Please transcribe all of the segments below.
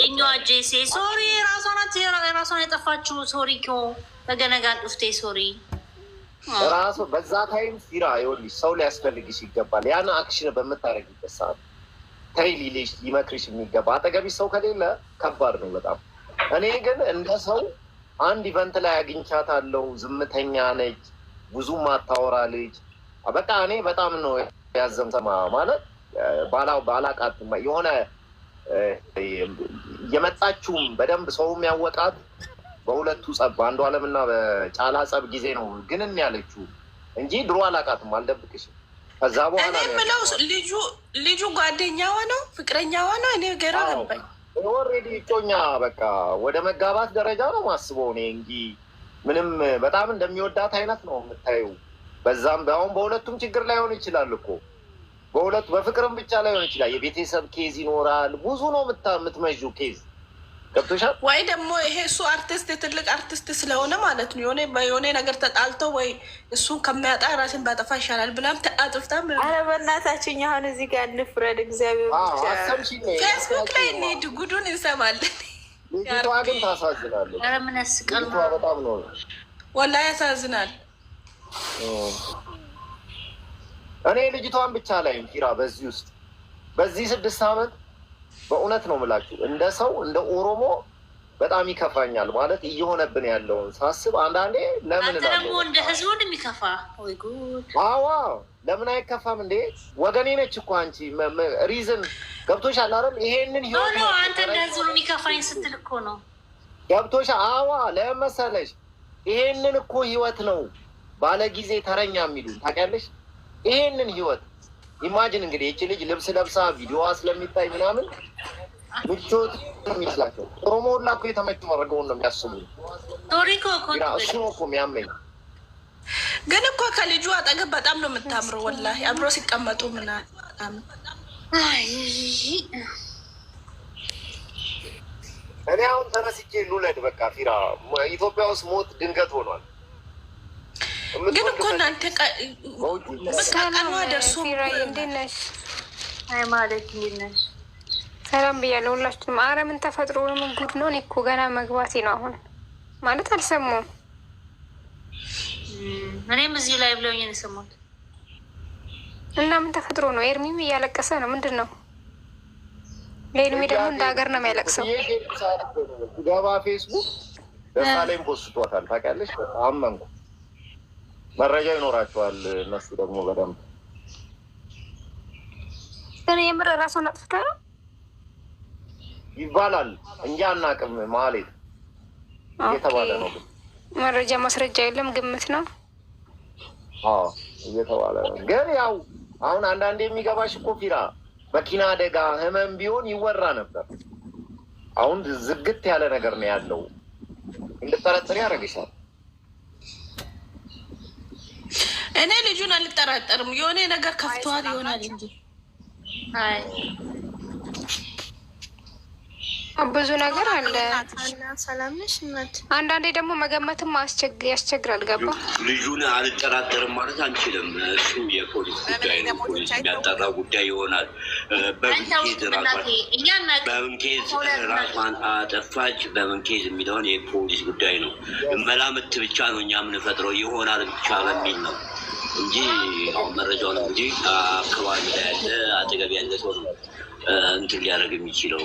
የኛዋ ጄሴ ሶሪ ራሷናት ራሷን የጠፋችው ሶሪ ኪ በገነጋ ጡፍቴ ሶሪ ራሱ በዛ ታይም ሰው ሊያስፈልግሽ ይገባል። ያን አክሽን በምታደርግበት ሰዓት ተይ ሊልሽ ሊመክርሽ የሚገባ ሰው ከሌለ ከባድ ነው በጣም። እኔ ግን እንደ ሰው አንድ ኢቨንት ላይ አግኝቻታለሁ። ዝምተኛ ነች፣ ብዙ ማታወራ ልጅ። በቃ እኔ በጣም ነው ያዘምተማ ማለት ባላ ባላቃት የሆነ የመጣችውም በደንብ ሰውም ያወቃት በሁለቱ ጸብ በአንዱ አለምና በጫላ ጸብ ጊዜ ነው ግን ያለችው እንጂ ድሮ አላቃትም፣ አልደብቅሽም። ከዛ በኋላ እኔ የምለው ልጁ ልጁ ጓደኛዋ ነው ፍቅረኛዋ ነው። እኔ ገራ ገባኝ። ኦልሬዲ እጮኛ በቃ ወደ መጋባት ደረጃ ነው ማስበው እኔ እንጂ ምንም በጣም እንደሚወዳት አይነት ነው የምታየው። በዛም በአሁን በሁለቱም ችግር ላይሆን ይችላል እኮ በሁለቱ በፍቅርም ብቻ ላይሆን ይችላል። የቤተሰብ ኬዝ ይኖራል። ብዙ ነው የምትመዡ ኬዝ ገብቶሻል ወይ? ደግሞ ይሄ እሱ አርቲስት የትልቅ አርቲስት ስለሆነ ማለት ነው የሆነ የሆነ ነገር ተጣልተው ወይ እሱን ከሚያጣ ራሴን ባጠፋ ይሻላል ብላም ተጣጥፍታ ኧረ በእናታችን አሁን እዚህ ጋር እንፍረድ። እግዚአብሔር ፌስቡክ ላይ እንሂድ፣ ጉዱን እንሰማለን። ልጅቷ ግን ታሳዝናለች። ኧረ ምን ያስቀል፣ በጣም ነው ወላሂ ያሳዝናል። እኔ ልጅቷን ብቻ ላይ ኪራ በዚህ ውስጥ በዚህ ስድስት ዓመት በእውነት ነው ምላችሁ እንደ ሰው እንደ ኦሮሞ በጣም ይከፋኛል። ማለት እየሆነብን ያለውን ሳስብ አንዳንዴ ለምን ደግሞ እንደ ህዝቡ የሚከፋ አዋ ለምን አይከፋም እንዴ? ወገኔ ነች እኮ አንቺ ሪዝን ገብቶሻል አይደል? ይሄንን ሆኖ አንተ እንደ ህዝቡ የሚከፋኝ ስትል እኮ ነው ገብቶሻል። አዋ ለመሰለሽ ይሄንን እኮ ህይወት ነው ባለጊዜ ተረኛ የሚሉ ታውቂያለሽ ይህንን ህይወት ኢማጅን እንግዲህ ይቺ ልጅ ልብስ ለብሳ ቪዲዮዋ ስለሚታይ ምናምን ምቾት የሚስላቸው ኦሮሞ ሁላ እኮ የተመቸ መረገውን ነው የሚያስቡ። እሱ ነው እኮ የሚያመኝ። ግን እኮ ከልጁ አጠገብ በጣም ነው የምታምረው። ወላ አብሮ ሲቀመጡ ምናምን እኔ አሁን ተነስቼ ልውለድ በቃ ፊራ ኢትዮጵያ ውስጥ ሞት ድንገት ሆኗል። ግን እኮ እናንተ ቀኗ ደርሶ ማለት ነሽ። ሰላም ብያለሁ ሁላችሁም። ኧረ ምን ተፈጥሮ ወይም ጉድ ነው? እኔ እኮ ገና መግባቴ ነው አሁን ማለት አልሰማሁም። እኔም እዚህ ላይ ብለውኝ ነው የሰማሁት። እና ምን ተፈጥሮ ነው? ኤርሚም እያለቀሰ ነው። ምንድን ነው? ለኤርሚ ደግሞ እንደ ሀገር ነው የሚያለቅሰው። ገባ ፌስቡክ ደሳ ላይም ኮስቷታል። ታውቂያለሽ አመንኩ መረጃ ይኖራቸዋል። እነሱ ደግሞ በደንብ ግን የምር ራሷን አጥፍታ ይባላል እንጂ አናቅም ማለት እየተባለ ነው። መረጃ ማስረጃ የለም፣ ግምት ነው እየተባለ ነው። ግን ያው አሁን አንዳንድ የሚገባሽ እኮ ፊራ መኪና አደጋ ህመም ቢሆን ይወራ ነበር። አሁን ዝግት ያለ ነገር ነው ያለው፣ እንድጠረጥር ያደርግሻል። እኔ ልጁን አልጠራጠርም። የሆነ ነገር ከፍተዋል ይሆናል እንጂ ብዙ ነገር አለ። አንዳንዴ ደግሞ መገመትም ያስቸግራል። ገባ ልጁን አልጠራጠርም ማለት አንችልም። እሱ የፖሊስ ጉዳይ ነው። ፖሊስ የሚያጠራ ጉዳይ ይሆናል። በምንኬዝ በምንኬዝ ራሷን አጠፋች በምንኬዝ የሚለውን የፖሊስ ጉዳይ ነው። መላምት ብቻ ነው እኛ የምንፈጥረው ይሆናል ብቻ በሚል ነው እንጂ አሁን መረጃው ነው እንጂ አካባቢ ላይ ያለ አጠገብ ያለ ሰው ነው እንትን ሊያደርግ የሚችለው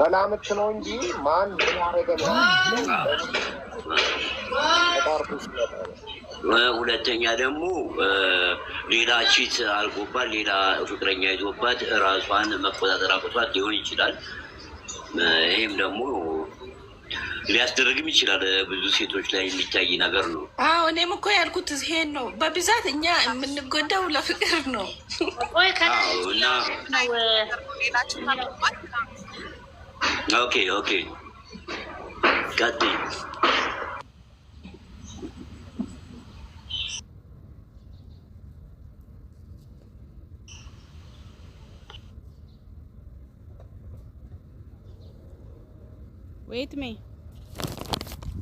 መላምት ነው እንጂ ማን ያደረገ ነው። ሁለተኛ ደግሞ ሌላ ቺት አልጎባት ሌላ ፍቅረኛ ይዞባት ራሷን መቆጣጠር አቅቷት ሊሆን ይችላል። ይህም ደግሞ ሊያስደረግም ይችላል። ብዙ ሴቶች ላይ የሚታይ ነገር ነው። አዎ እኔም እኮ ያልኩት ይሄን ነው። በብዛት እኛ የምንጎዳው ለፍቅር ነው ኦኬ ኦኬ ሜ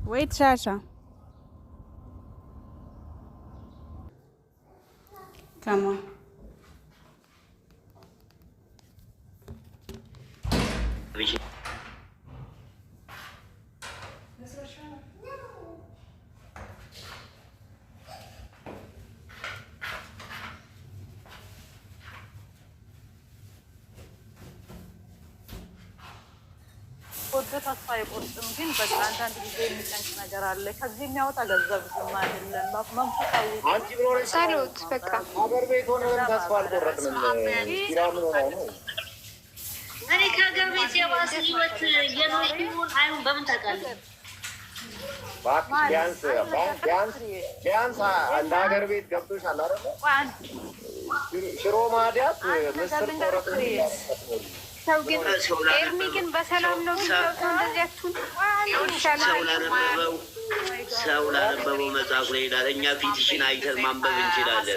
Wait, Sasha. Come on. Вот этот ሳይቆርጥም ግን በቃ አንዳንድ ጊዜ የሚጨንቅ ነገር አለ። ከዚህ የሚያወጣ ገንዘብ ዝም አይደለም። መንፈሳዊ በቃ ሀገር ቤት ሆነን ተስፋ አልቆረጥንም። እኔ ከሀገር ቤት የባሰ ህይወት አይሁን በምን ታውቃለህ? ቢያንስ ቢያንስ እንደ ሀገር ቤት ገብቶሻል አይደለ? ሽሮ ማዲያት ምስር ቆረጥ ሰው ግን ኤርሚ ግን በሰላም ነው ሚወቱ ሰው ላነበበው መጽሐፍ ላይ ይላል። እኛ ፊትሽን አይተን ማንበብ እንችላለን።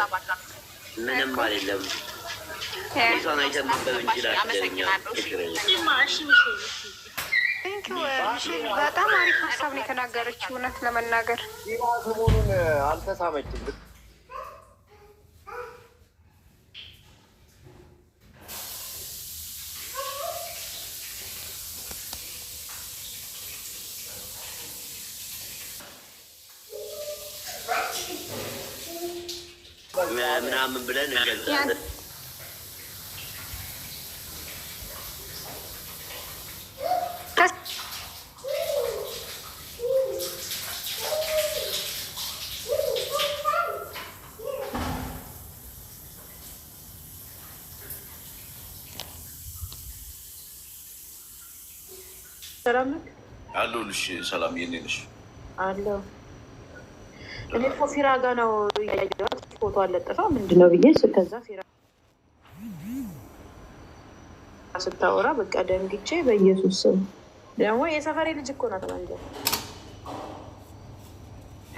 ምንም አይደለም። ፊቷን አይተን ማንበብ እንችላለን። በጣም አሪፍ ሀሳብ ነው የተናገረችው። እውነት ለመናገር አልተሳመችም። ሰላም ነው አለሁልሽ። ሰላም የኔ ነሽ? አለሁ እኔ እኮ ጋ ነው እያየሁ ፎቶ አለጥፋ ምንድነው ብዬ ስከዛ ፊራ ስታወራ በቃ ደንግቼ በኢየሱስ ስም ደግሞ የሰፈሬ ልጅ እኮ ናት።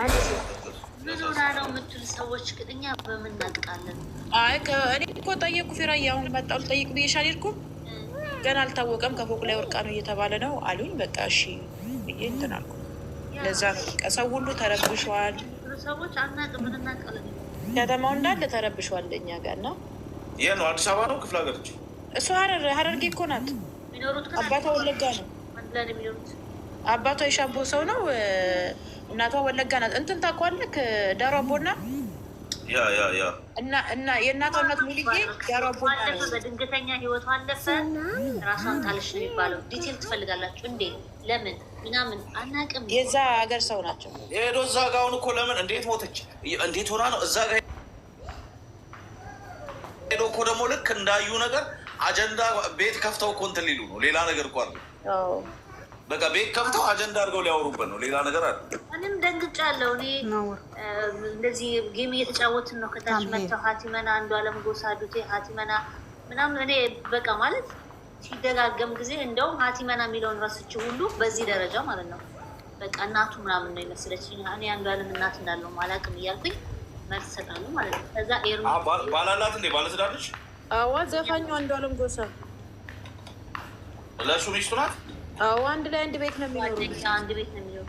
አንድ ነው ሰዎች ግን እኛ በምን እኔ እኮ ጠየቁ ፊራ አሁን መጣሉ ልጠይቅ ብዬሽ አልሄድኩም። ገና አልታወቀም ከፎቅ ላይ ወርቃ ነው እየተባለ ነው አሉኝ። በቃ እሺ ብዬ እንትን አልኩ። ለዛ ሰው ሁሉ ተረብሸዋል። ሰዎች አናቅ ምንናቀለ ከተማው እንዳለ ተረብሸዋል። እኛ ጋር ነው። ይህ ነው አዲስ አበባ ነው ክፍለ ሀገር እሱ ሀረር ሀረርጌ እኮ ናት። አባቷ ወለጋ ነው። አባቷ የሻቦ ሰው ነው። እናቷ ወለጋ ናት። እንትን ታውቀዋለህ? ዳሮ አቦና እና የእናቷ እናት ሙልዬ ዳሮ አቦና በድንገተኛ ህይወቷ አለፈ። ራሷን ጣለሽ ነው የሚባለው። ዲቴል ትፈልጋላችሁ እንዴ? ለምን ምናምን አናውቅም። የዛ ሀገር ሰው ናቸው ሄዶ እዛ ጋ አሁን እኮ ለምን እንዴት ሞተች እንዴት ሆና ነው እዛ ጋ ሄዶ እኮ ደግሞ ልክ እንዳዩ ነገር አጀንዳ ቤት ከፍተው እኮ እንትን ሊሉ ነው። ሌላ ነገር እኮ አለ በቃ ቤት ከፍተው አጀንዳ አድርገው ሊያወሩበት ነው። ሌላ ነገር አለ። ምንም ደንግጫለሁ እኔ እንደዚህ ጌም እየተጫወትን ነው። ከታች መጥተው ሀቲመና አንዱ አለም ጎሳ ዱቴ ሀቲመና ምናምን እኔ በቃ ማለት ሲደጋገም ጊዜ እንደውም ሀቲመና የሚለውን ረስችው ሁሉ በዚህ ደረጃ ማለት ነው። በቃ እናቱ ምናምን ነው የመሰለችኝ። እኔ አንዷንም እናት እንዳለው አላውቅም እያልኩኝ መልስ ሰጣሉ ማለት ነው። ከዛ ኤሩ ባላላት እንዴ ባለስዳለች አዋ ዘፋኙ አንዷለም ጎሳ ለሱ ሚስቱ ናት። አዋ አንድ ላይ አንድ ቤት ነው የሚኖሩ አንድ ቤት ነው የሚኖሩ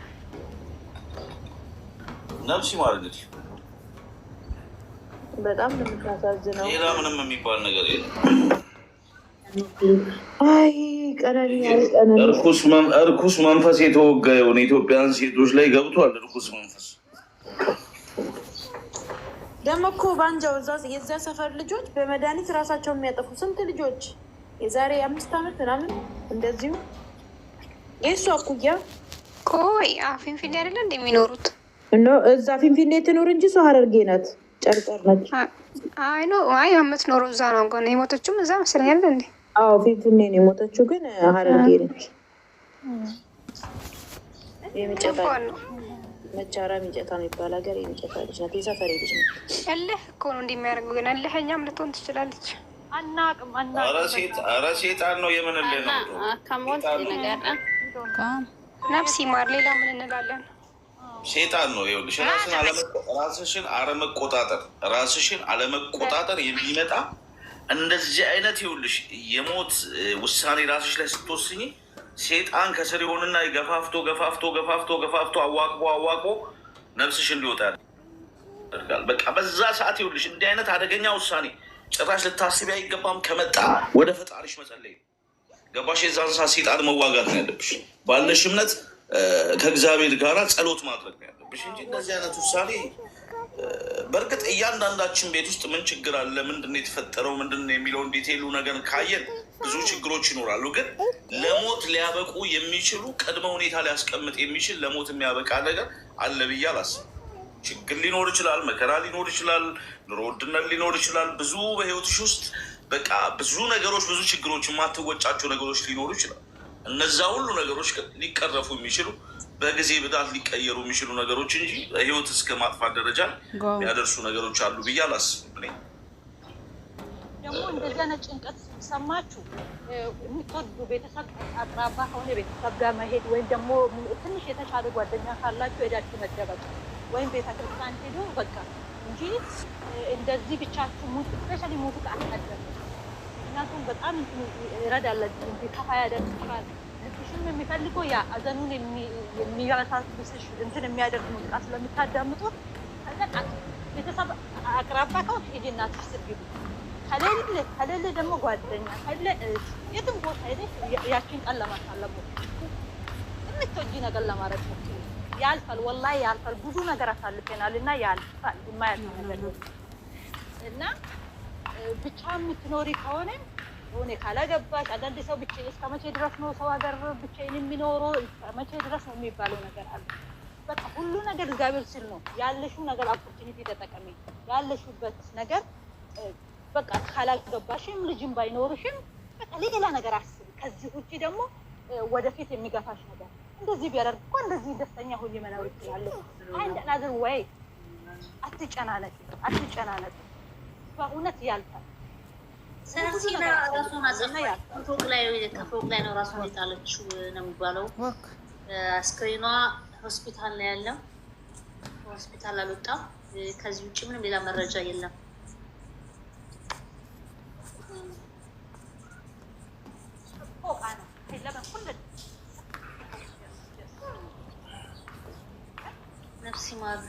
ነብሲ ማለት ነች። በጣም ነው የምታሳዝነው። ሌላ ምንም የሚባል ነገር የለም። እርኩስ መንፈስ የተወጋየውን ኢትዮጵያን ሴቶች ላይ ገብቷል። እርኩስ መንፈስ ደግሞ እኮ ባንጃው የዚያ ሰፈር ልጆች በመድኃኒት ራሳቸውን የሚያጠፉ ስንት ልጆች የዛሬ አምስት ዓመት ምናምን እንደዚሁ የእሱ አኩያ ቆይ ፊንፊኔ አይደለ እንደ የሚኖሩት እዛ ፊንፊኔ ትኖር እንጂ እሷ ሀረርጌ ናት፣ ጨርጨር ነች። አይ አይ የምትኖረው እዛ ነው። የሞተችውም እዛ መሰለኝ አይደለ እንዴ? አዎ ፊንፊኔ ነው የሞተችው፣ ግን ሀረርጌ ነች። መቻራ ሚጨታ የሚባል ሀገር የሚጨታ ልጅ ናት። የሰፈር ልጅ ነው። እልህ እኮ ነው እንደሚያደርገው፣ ግን እልህኛም ልትሆን ትችላለች። አናቅም ኧረ ሴጣን ነው የምንልህ ነው። ነፍስ ይማር። ሌላ ምን እንላለን? ሴጣን ነው። ይኸውልሽ ራስሽን አለመቆጣጠር ራስሽን አለመቆጣጠር የሚመጣ እንደዚህ አይነት ይውልሽ የሞት ውሳኔ ራስሽ ላይ ስትወስኝ ሴጣን ከስር የሆንና ገፋፍቶ ገፋፍቶ ገፋፍቶ ገፋፍቶ አዋቅቦ አዋቅቦ ነፍስሽ እንዲወጣ ያደርጋል። በቃ በዛ ሰዓት ይኸውልሽ እንዲህ አይነት አደገኛ ውሳኔ ጭራሽ ልታስቢ አይገባም። ከመጣ ወደ ፈጣሪሽ መጸለይ ገባሽ? የዛን ሰዓት ሴጣን መዋጋት ነው ያለብሽ። ባለሽ እምነት ከእግዚአብሔር ጋራ ጸሎት ማድረግ ነው ያለብሽ እንጂ እንደዚህ አይነት ውሳኔ በእርግጥ እያንዳንዳችን ቤት ውስጥ ምን ችግር አለ፣ ምንድን ነው የተፈጠረው፣ ምንድን ነው የሚለውን ዲቴይሉ ነገር ካየን ብዙ ችግሮች ይኖራሉ። ግን ለሞት ሊያበቁ የሚችሉ ቅድመ ሁኔታ ሊያስቀምጥ የሚችል ለሞት የሚያበቃ ነገር አለ ብዬ አላስብም። ችግር ሊኖር ይችላል፣ መከራ ሊኖር ይችላል፣ ኑሮ ውድነት ሊኖር ይችላል። ብዙ በህይወትሽ ውስጥ በቃ ብዙ ነገሮች፣ ብዙ ችግሮች፣ የማትወጫቸው ነገሮች ሊኖሩ ይችላል። እነዛ ሁሉ ነገሮች ሊቀረፉ የሚችሉ በጊዜ ብዛት ሊቀየሩ የሚችሉ ነገሮች እንጂ ህይወት እስከ ማጥፋት ደረጃ የሚያደርሱ ነገሮች አሉ ብዬ አላስብም። እኔ ደግሞ እንደዚህ ዓይነት ጭንቀት ሰማችሁ የሚከብዱ ቤተሰብ አቅራባ ከሆነ ቤተሰብ ጋር መሄድ ወይም ደግሞ ትንሽ የተሻለ ጓደኛ ካላችሁ ሄዳችሁ መደበቅ ወይም ቤተክርስቲያን ሄዱ በቃ እንጂ እንደዚህ ብቻችሁ ሙት ስፔሻሊ ሙት አናደርም። ምክንያቱም በጣም ረዳለ ከፋ ይችላል እሱም የሚፈልገው ያ አዘኑን የሚያሳብስሽ እንትን የሚያደርግ ሙዚቃ ስለምታዳምጡት ቤተሰብ አቅራቢያ ከሆነ ሂጂ እናትሽ ስር ከሌለ ከሌለ ደግሞ ጓደኛ ከሌለ የትም ቦታ ሄደሽ ያቺን ቀን ለማሳለፍ የምትወጂ ነገር ለማድረግ ሞክሪ። ያልፋል፣ ወላሂ ያልፋል። ብዙ ነገር አሳልፈናል እና ያልፋል። የማያልፍ ነገር እና ብቻ የምትኖሪ ከሆነ እኔ ካላገባች አዳዲስ ሰው ብቻ እስከ መቼ ድረስ ነው ሰው ሀገር ብቻዬን የሚኖረው እስከ መቼ ድረስ ነው የሚባለው ነገር አለ። በቃ ሁሉ ነገር እግዚአብሔር ሲል ነው ያለሽው ነገር ኦፖርቹኒቲ ተጠቀሚ። ያለሽበት ነገር በቃ ካላገባሽም ልጅም ባይኖርሽም በቃ ሌላ ነገር አስቢ። ከዚህ ውጭ ደግሞ ወደፊት የሚገፋሽ ነገር እንደዚህ ቢያደርግ እኮ እንደዚህ ደስተኛ ሁን መኖር ይችላለ። አንድ ናዝር ወይ አትጨናነቂ፣ አትጨናነቂ በእውነት ያልታል ሰሲና ራሷን አጸፋች። ፎቅ ላይ ከፎቅ ላይ ነው ራሷን የጣለችው ነው የሚባለው። አስክሬኗ ሆስፒታል ነው ያለው። ሆስፒታል አልወጣም። ከዚህ ውጭ ምንም ሌላ መረጃ የለም። ነፍሲ ማር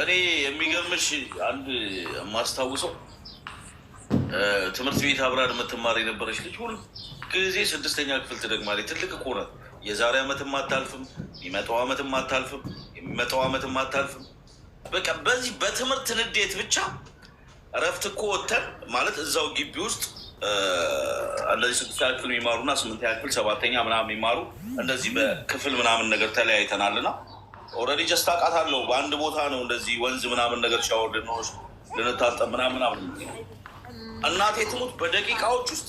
እኔ የሚገርምሽ አንድ የማስታውሰው ትምህርት ቤት አብራን የምትማር የነበረች ልጅ ሁል ጊዜ ስድስተኛ ክፍል ትደግማለች። ትልቅ እኮ ናት። የዛሬ ዓመትም አታልፍም፣ የሚመጣው ዓመትም አታልፍም፣ የሚመጣው ዓመትም አታልፍም። በቃ በዚህ በትምህርት ንዴት ብቻ እረፍት እኮ ወተን ማለት እዛው ግቢ ውስጥ እንደዚህ ስድስተኛ ክፍል የሚማሩ እና ስምንተኛ ክፍል ሰባተኛ ምናምን የሚማሩ እንደዚህ በክፍል ምናምን ነገር ተለያይተናል ና ኦልሬዲ ጀስት አውቃታለሁ። በአንድ ቦታ ነው እንደዚህ ወንዝ ምናምን ነገር ሻወር ነው ልንታጠብ ምናምን ምናምን እናቴ ትሙት በደቂቃዎች ውስጥ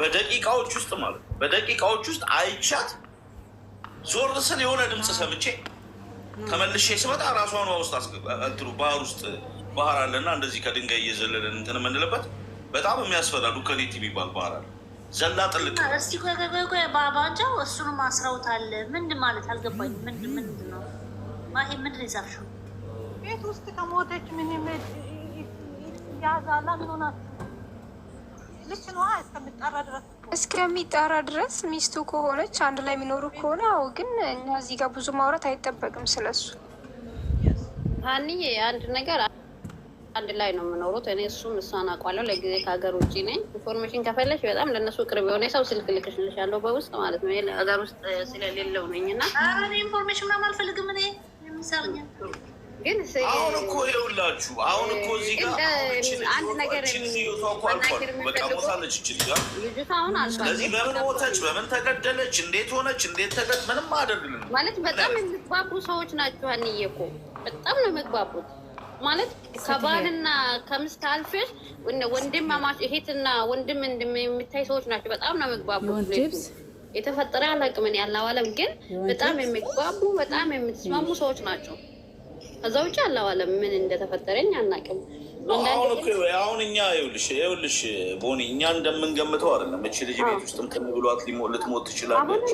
በደቂቃዎች ውስጥ ማለት በደቂቃዎች ውስጥ አይቻት ዞር ስል የሆነ ድምፅ ሰምቼ ተመልሼ ስመጣ ራሷን ውስጥ እንትኑ ባህር ውስጥ ባህር አለና እንደዚህ ከድንጋይ እየዘለለን እንትን የምንልበት በጣም የሚያስፈራ ሉከኔት የሚባል ባህር አለ። ዘላ ጥልቅ እስቲ ባባንጃው እሱንም አስረውታል። ምንድን ማለት አልገባኝ። ምንድን ምንድን ነው ማሄ ምንድን ይዛሹ ቤት ውስጥ ከሞተች ምን ያዛላ ምን ሆናችሁ? ልክ ነዋ። እስከሚጣራ ድረስ እስከሚጣራ ድረስ ሚስቱ ከሆነች አንድ ላይ የሚኖሩ ከሆነ አዎ። ግን እኛ እዚህ ጋር ብዙ ማውራት አይጠበቅም ስለሱ። አንዬ አንድ ነገር አንድ ላይ ነው የምኖሩት። እኔ እሱም እሷን አውቃለሁ። ለጊዜ ከሀገር ውጭ ነኝ። ኢንፎርሜሽን ከፈለሽ በጣም ለእነሱ ቅርብ የሆነ ሰው ስልክ ልክልሻለሁ፣ በውስጥ ማለት ነው። ሀገር ውስጥ ስለሌለው ነኝ እና ኢንፎርሜሽን ምናምን አልፈልግም። እኔ የሚሰርኛል ግን አሁን እኮ ይኸውላችሁ፣ አሁን እኮ እዚህ ጋር አንድ ነገር ሞታለች እችል ጋር ስለዚህ በምን ሞተች፣ በምን ተገደለች፣ እንዴት ሆነች፣ እንዴት ተገ ምንም አደርግልን ማለት በጣም የምግባቡ ሰዎች ናችሁ። አንዬ እኮ በጣም ነው የምግባቡት ማለት ከባልና ከምስት አልፈሽ ወንድም ማማች እህትና ወንድም እንድም የምታይ ሰዎች ናቸው። በጣም ነው መግባቡ የተፈጠረ አላቅምን ያለው ዓለም ግን በጣም የሚግባቡ በጣም የምትስማሙ ሰዎች ናቸው። ከዛ ውጭ ያለው ዓለም ምን እንደተፈጠረኝ አናቅም። አሁን እኛ ይኸውልሽ ይኸውልሽ ቦኒ እኛ እንደምንገምተው አይደለም። እች ልጅ ቤት ውስጥም ከሚብሏት ልትሞት ትችላለች።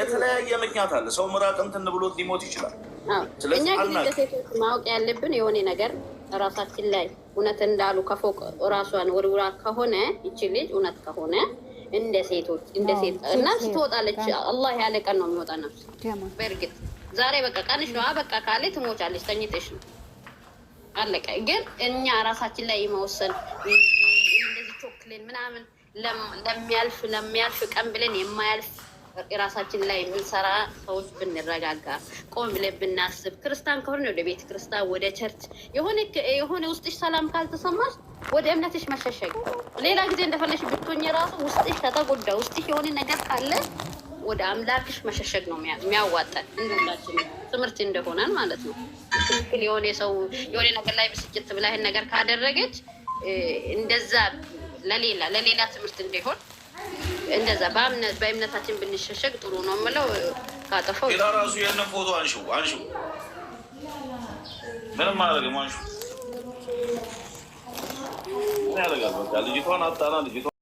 የተለያየ ምክንያት አለ። ሰው ምራቅ እንትን ብሎት ሊሞት ይችላል። እኛ ግን እንደ ሴቶች ማወቅ ያለብን የሆነ ነገር ራሳችን ላይ እውነት እንዳሉ ከፎቅ ራሷን ወርውራ ከሆነ ይቺ ልጅ እውነት ከሆነ እንደ ሴቶች እንደ ሴት እና ትወጣለች። አላህ ያለ ቀን ነው የሚወጣ ነፍስ። በእርግጥ ዛሬ በቃ ቀንሽ ነዋ በቃ ካለ ትሞቻለች፣ ተኝተሽ ነው አለቀ። ግን እኛ ራሳችን ላይ የመወሰን እንደዚህ ቾክልን ምናምን ለሚያልፍ ለሚያልፍ ቀን ብለን የማያልፍ የራሳችን ላይ የምንሰራ ሰዎች ብንረጋጋ፣ ቆም ብለን ብናስብ፣ ክርስቲያን ከሆነ ወደ ቤተ ክርስቲያን ወደ ቸርች የሆነ ውስጥሽ ሰላም ካልተሰማሽ ወደ እምነትሽ መሸሸግ፣ ሌላ ጊዜ እንደፈለሽ ብትሆኝ ራሱ ውስጥሽ ከተጎዳ ውስጥሽ የሆነ ነገር ካለ ወደ አምላክሽ መሸሸግ ነው የሚያዋጠን። እንዳችን ትምህርት እንደሆነን ማለት ነው። ትክክል የሆነ ሰው የሆነ ነገር ላይ ብስጭት ብላህን ነገር ካደረገች እንደዛ ለሌላ ለሌላ ትምህርት እንዲሆን እንደዛ በእምነታችን ብንሸሸግ ጥሩ ነው የምለው። ካጠፈው ሌላ ራሱ የነ ፎቶ አንሹ አንሹ፣ ምንም አያደርግም። አንሹ ያደርጋል። በቃ ልጅቷን አጣና ልጅቷ